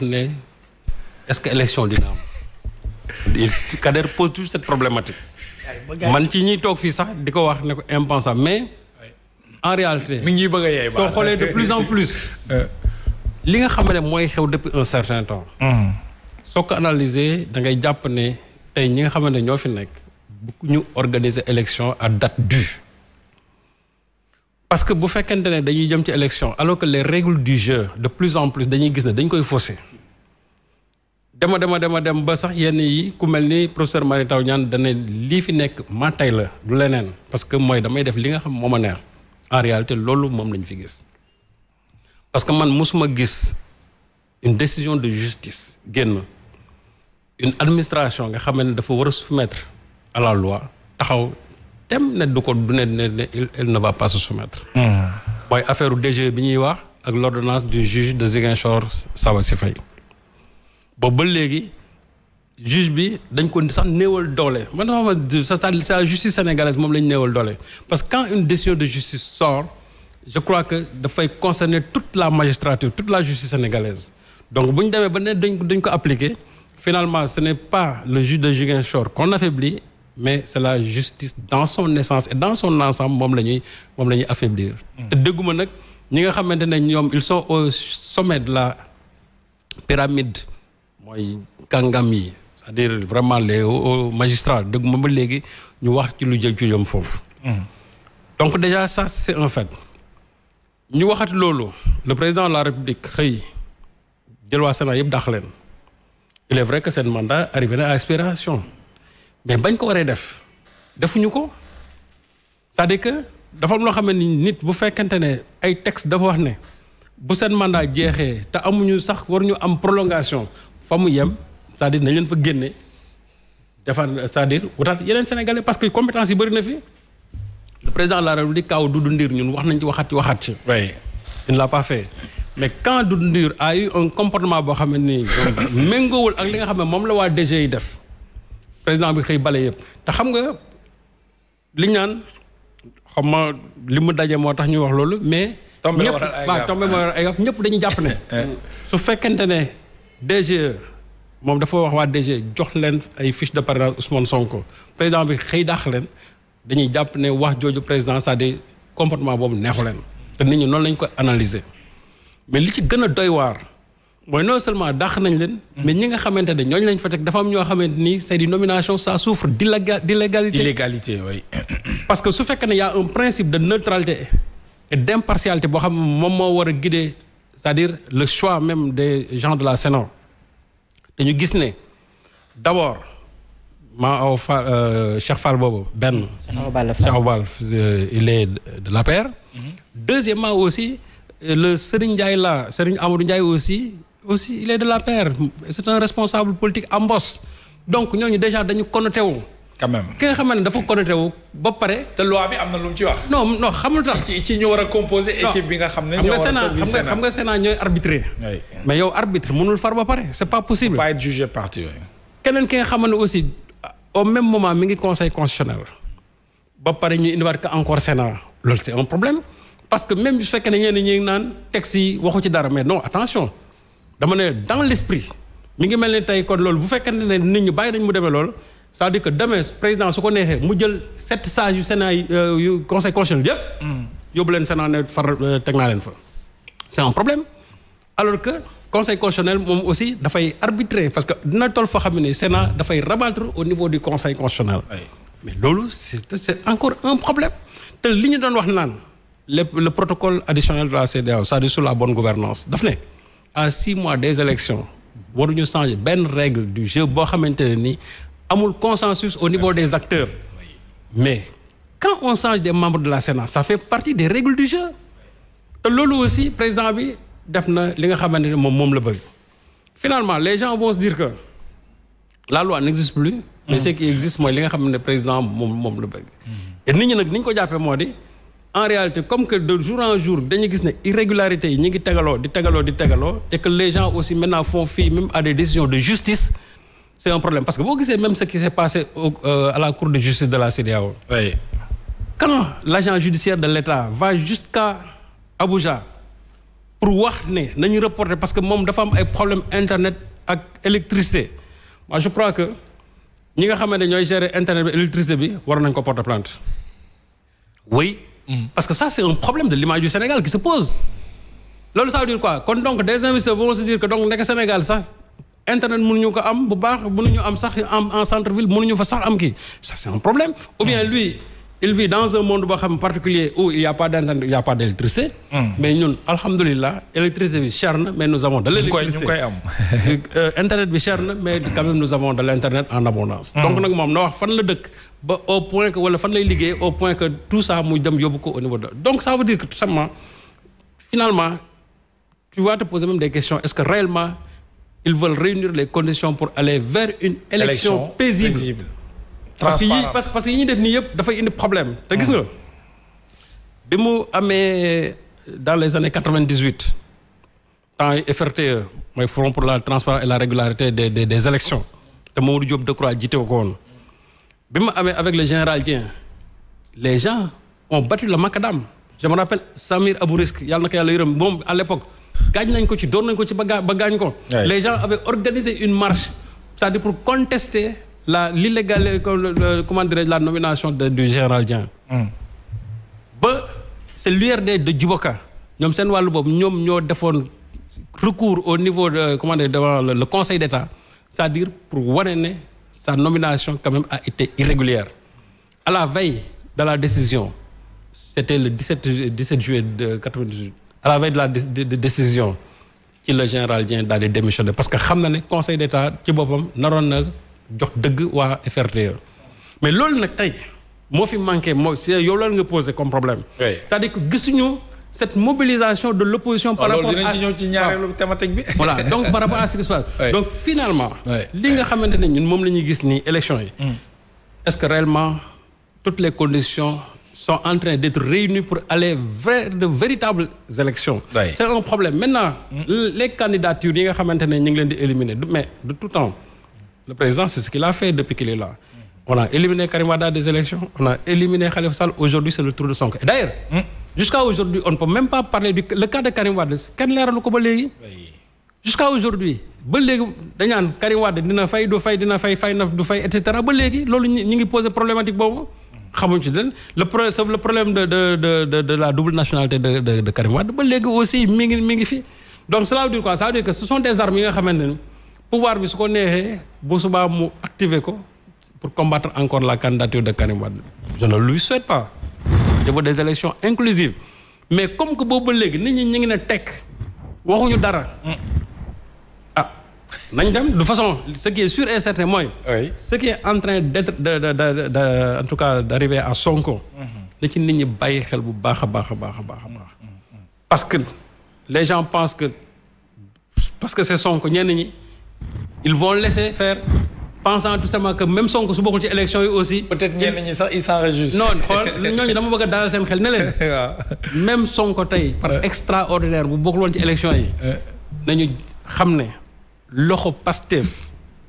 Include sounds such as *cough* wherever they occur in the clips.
wax ne est-ce que élection dina am. Kader pose toujours cette problématique. man ci ñi toog fii sax di ko wax ne ko impensable mais en réalité. mi ngi bëgg a yey soo xoolee de plus en plus. li nga xam ne mooy xew depuis un certain temps. Hmm. soo ko analyser da ngay jàpp ne tey ñi nga xam ne ñoo fi nekk. bu ñu organiser élection à date due. parce que bu fekkente ne dañuy jëm ci élection alors que les règles du jeu de plus en plus dañuy gis ne dañ koy faussé dema dema dema dem ba sax yenn yi ku mel ni professeur Mary Teuw Niane dana lii fi nekk maa tey la du leneen parce que mooy damay def li nga xam moo ma neex en réalité loolu moom lañu fi gis parce que man mosuma gis une décision de justice génn une administration nga xam ne dafa war a soumettre à la loi taxaw elle ne du ko du ne ne il ne va pas se soumettre. Hmm. mooy affaire DG bi ñuy wax ak l'ordonnance du juge de Ziguinchor Sabassy Faye boobu ba léegi juge bi dañ ko sax néewal doole man ça, c'est la justice sénégalaise moom la néewal parce que quand une décision de justice sort je crois que dafay concerner toute la magistrature toute la justice sénégalaise donc si vous demee ba dañ appliquer finalement ce n'est pas le juge de Ziguinchor qu'on affaiblit mais c'est la justice dans son essence et dans son ensemble mom lañuy mom affaiblir. Mm. te dégguma nag ñi nga xamante ne ils sont au sommet de la pyramide moy kangam yi c'est-à-dire vraiment les magistrats deuguma ba légui ñu wax ci lu jëm ci jëm mm. donc déjà ça c'est un fait ñu waxat lolu le président de la république xëy jël waa Sénat yeb dakh leen il est vrai que ce mandat arrivé à expiration. mais bañ ko waree def defuñu ko cest à que dafa am loo xam ni nit bu fekkente ne ay texte dafa wax ne bu seen mandat jeexee te amuñu sax war ñu am prolongation fa mu yem c'est-à-dire nañ leen fa génne defar c'est-à-dire wutaat yeneen sénégale parce que compétence yi bëri na fi président de la li kaaw Doudou Ndir ñun wax nañ ci waxaat ci waxaat ci. oui il ne l'a pas mais quand Doudou Ndir ay eu un comportement boo xam ni nii *coughs* méngoowul ak li nga xam ne moom la waa DG yi def. président bi xëy bale yëpp te xam nga liñ naan xam ma li mu dajee moo tax ñuy wax loolu mais. tombé la waral ay gaaf ñëpp dañuy jàpp ne. *laughs* Eh. su fekkente ne DGE moom dafa wax waa DGE jox leen ay fiche de parrainage Ousmane Sonko président bi xëy dàq leen dañuy jàpp ne wax jooju président cest à comportement boobu neexu leen te nit ñi noonu lañ ko analyser mais li ci gën doy waar. mooy non seulement dàq nañ leen. Mm-hmm. mais ñi nga xamante ne ñooñu lañ fa teg dafa am ñoo xamante ni c'est des nominations ça souffre d'illégalité. illégalité oui. *coughs* parce que su fekkee ne y a un principe de neutralité et d'impartialité boo xam moom moo war a guider c'est-à-dire le choix même des gens de la Sénat dañu gis ne d'abord maa aw fa euh, Cheikh Fall boobu benn. Cheikh Awa euh, il est de la paire. Mm-hmm. deuxièmement aussi euh, le Serigne Ndiaye là Serigne Amadou Ndiaye aussi aussi il est de la paire c'est un responsable politique en bosse donc ñooñu déjà dañu connoté wu. quand même ki nga xam ne dafa connoté wu ba paré te loi bi amna lu ci wax. non non xamul tax ci ci ñu a composer équipe bi nga xamné ne. ñoo xam nga xam nga Sénat ñoy arbitrer. mais yow arbitre mënul far ba pare c'est pas possible. pas être jugé parti kenen ki nga xam aussi au même moment mi ngi conseil constitutionnel ba paré ñu indiwaat encore Sénat lol c'est un problème parce que même su fekkee que ñenn ñi naan texte yi waxu ci dara mais non attention dama dans l'esprit, mi ngi mel ni tey kon loolu bu fekkente ne nit ñi bàyyi nañ mu c'est-à-dire que demain président su ko neexee mu jël sept sages yu Sénat euh, yu conseil constitutionnel yëpp. Mm. yóbbu leen Sénat ne far euh, teg C'est fa. un problème alors que conseil constitutionnel faut aussi arbitrer parce que dina toll foo xam ne Sénat rabattre au niveau du conseil constitutionnel. mais loolu c'est encore un problème te li ñu doon wax naan le protocole additionnel de la cda c'est-à-dire sur la bonne gouvernance daf à six mois des élections waruñu changer les règle du jeu boo xamante ne ni amul consensus au niveau des acteurs mais quand on change des membres de la Sénat ça fait partie des règles du jeu Et le aussi président bi a fait li nga xamante ne finalement les gens vont se dire que la loi n'existe plus mais ce qui existe c'est li nga le président moom et nous, nous avons fait ce ko jàppee moo en réalité comme que de jour en jour dañu irrégularités, une irrégularité yi ñu ngi tegaloo di et que les gens aussi maintenant font fi même à des décisions de justice c'est un problème parce que vous savez même ce qui s'est passé euh, à la cour de justice de la CEDEAO oui. quand l'agent judiciaire de l'État va jusqu'à Abuja pour voir, ne nañu reporter parce que moom dafa a un problème internet ak électricité moi je crois que nous nga gérer internet bi électricité bi war oui Mm-hmm. Parce que ça, c'est un problème de l'image du Sénégal qui se pose. Lolo, ça veut dire quoi Quand donc des investisseurs vont se dire que donc le Sénégal ça internet mënuñu ko am bu baax mënuñu am sax en centre ville mënuñu fa sax am ville ça c'est un problème ou bien mm-hmm. lui il vit dans un monde particulier où il n'y a pas d'internet il a pas d'électricité hmm. mais nous, alhamdoulilah, électricité est chère, mais nous avons de l'électricité *laughs* euh, internet est cher mais quand même nous avons de l'internet en abondance hmm. donc nous avons fait le fan au point que wala fan lay au point que tout ça nous donne beaucoup au niveau de donc ça veut dire que tout simplement finalement tu vas te poser même des questions est-ce que réellement ils veulent réunir les conditions pour aller vers une élection, paisible parce que yi parce que yi ñuy def nii yëpp dafay indi problème. te gis nga bi mu amee dans les années 98, temps FRTE mooy Front pour la transparence et la régularité des des des élections te Mamadou Diop Decroix jiite ko woon bi mu amee avec le général les gens ont battu la macadam je me rappelle Samir Abou Risk yàlla naka ko yàlla yërëm moom à l'époque gaañ nañ ko ci door nañ ko ci ba gaañ ko. les gens avaient organisé une marche c'est-à-dire pour contester. L'illégalité, de la nomination de du général Jean, hmm. C'est c'est l'URD de Djiboka ñom sen walu bob recours au niveau de devant le conseil d'État, cest à dire pour wane né sa nomination quand même a été irrégulière à la veille de la décision c'était le 17 juillet de 98 à la veille de la décision que le général Jean a démissionné parce que xamna né conseil d'État ci bopam jox dëgg waa FRDE mais loolu nag tey moo fi manqué mooy c'est yow loolu nga posé comme problème. c'est-à-dire que gisuñu cette mobilisation de l'opposition par ah, rapport à voilà *laughs* donc par rapport à ce qui se passe. donc finalement. li nga xamante ne ñun moom la ñuy gis élection yi. Hmm. est-ce que réellement toutes les conditions. sont en train d'être réunies pour aller vers de véritables élections. C'est un problème. Maintenant, hmm. les candidatures, nous di éliminés, mais de tout temps, le président, c'est ce qu'il a fait depuis qu'il est là. On a éliminé Karim Wada des élections, on a éliminé Khalifa Sall. Aujourd'hui, c'est le tour de son cas. d'ailleurs, hmm. jusqu'à aujourd'hui, on ne peut même pas parler du cas de Karim Wada. Quel l'air le fait Jusqu'à aujourd'hui, ba Karim Wade dina fay du fay dina fay fay na du fay et cetera ba ngi problématique le problème de la double nationalité de de Karim Wade ba aussi il ngi donc cela veut dire quoi ça veut dire que ce sont des armées qui nga pouvoir bi su ko neexee bu subaa mu activer ko pour combattre encore la candidature de Karim Wade je ne lui souhaite pas je veux des élections inclusives mais comme que boobu ba léegi nit ñi ñu ngi ne tekk waxuñu dara ah nañ dem de façon ce qui est sûr et certain mooy ce qui est en train d'être de de de en tout cas d'arriver à Sonko compte... Mhm. ci nit ñi bàyyi xel bu baax a baax a mhm, mhm, parce que les gens pensent que parce que c'est Sonko ñenn ñi ils vont laisser faire pensant tout simplement que même Sonko su bokkul ci élection aussi. peut-être bien ils s'en réjouissent. non xool ne dama bëgg a dalal xel ne *laughs* même Sonko tey. par extraordinaire bu bokkul woon ci élection yi. nañu xam loxo Pastef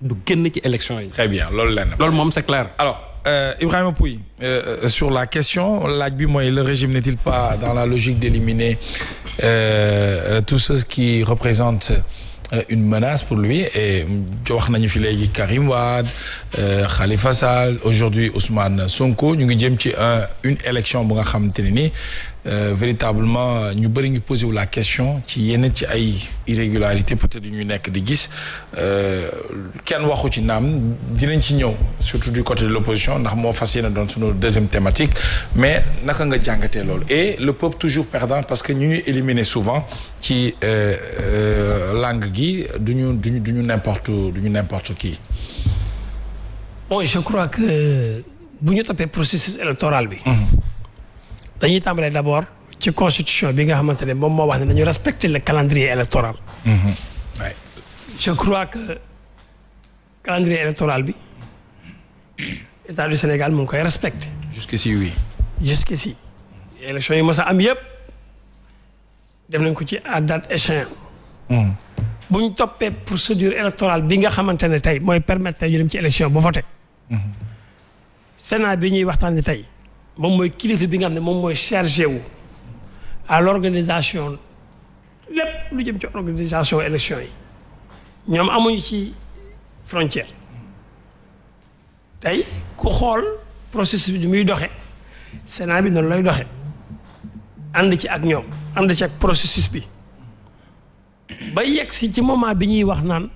du génn ci élection yi. très bien loolu lenn. loolu c'est clair. alors. Euh, Ibrahim Pouy, euh, euh, sur la question, le régime n'est-il pas dans la logique d'éliminer euh, euh tous ceux qui représente euh, une menace pour lui et euh, wax nañu fi léegi Karim Wade euh, Khalifa Sall aujourd'hui Ousmane Sonko nous avons jëm une élection pour nga euh, véritablement nous bari ngi poser la question ci yenn ci ay irrégularité peut-être ñu nekk di gis euh, kenn waxu ci naam dinañ ci ñew surtout du côté de l'opposition ndax mo fas dans notre deuxième thématique mais naka nga jangaté lool et le peuple toujours perdant parce que ñu ñuy éliminer souvent ci euh, langue gi duñu duñu duñu n'importe duñu n'importe qui bon je crois que bu ñu un processus électoral bi. Mmh dañuy tàmbalee d' abord ci constitution bi nga xamante ne moom moo wax ne dañu respecter le calendrier électoral. Mm-hmm. je crois que calendrier électoral bi état du Sénégal mu ngi koy respecté. jusqu'ici oui. jusqu'ici. élection yi mos a am yëpp dem nañ ko ci à date échéance. Mm. bu ñu toppee procédure électorale bi nga xamante ne tey mooy permettre tey ñu dem ci élection bu voté. Mm-hmm. Sénat bi ñuy waxtaanee tey moom mooy kilifa bi nga xam ne moom mooy chargé wu à l'organisation lépp lu jëm ci organisation élection yi ñoom amuñu ci frontière tey ku xool processus bi muy doxe Sénat bi noonu lay doxe ànd ci ak ñoom ànd ci ak processus bi ba yegg si ci moment bi ñuy wax naan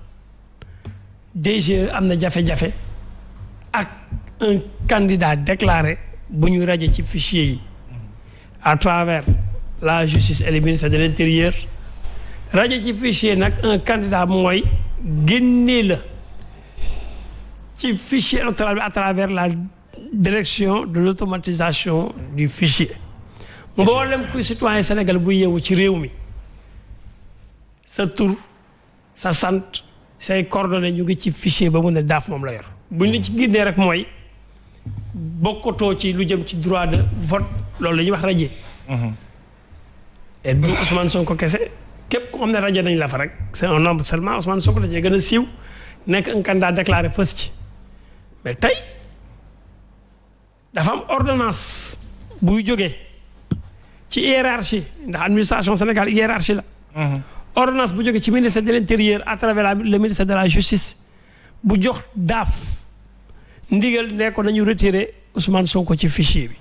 DG e am na jafe-jafe ak un candidat déclaré bu ñu rajo ci fichier yi à travers la justice et le ministère de l' intérieur rajo ci fichier nag un candidat mooy génnee la ci fichier électoral bi à travers la direction de l'automatisation du fichier mboolem kuy citoyen Sénégal bu yeewu ci réew mi sa tur sa sant say coordonnées ñu ngi ci fichier ba mu ne daaf moom la yor bu ñu ci génnee rek mooy bokkatoo ci lu jëm ci droit de vote loolu la ñuy wax radier. Mhm. et du Ousmane Sonko kese képp ku xam ne radier nañ la fa rek c'est un nombre seulement Ousmane Sonko da cee gën a siiw nekk un candidat déclaré fës ci mais tey dafa am ordonnance buy jógee ci hiérarchie ndax administration Sénégal hiérarchie la. Mhm. ordonnance bu jógee ci ministère de l'intérieur à travers le ministère de la justice bu jox daaf. ndigal ne ko nañu retiré Ousmane ko ci fichier bi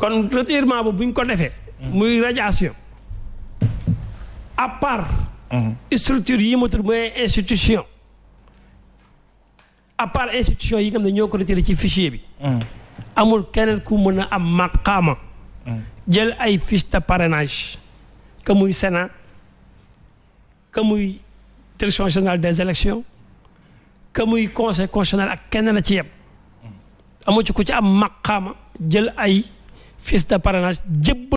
kon retirement bu buñ ko defee. muy radiation à part. Mhm. structure yi ma tudd mooy institution à part yi nga xam ne ñoo ko retiré ci fichier bi. Mhm. amul keneen ku mën a am maqaama. Mhm. jël ay fiche de parrainage que muy sena que muy direction générale des élections. ka muy conseil constitutionnel ak kenn na ci yem amu ci ku ci am maqama jël ay fiches de parrainage jëbb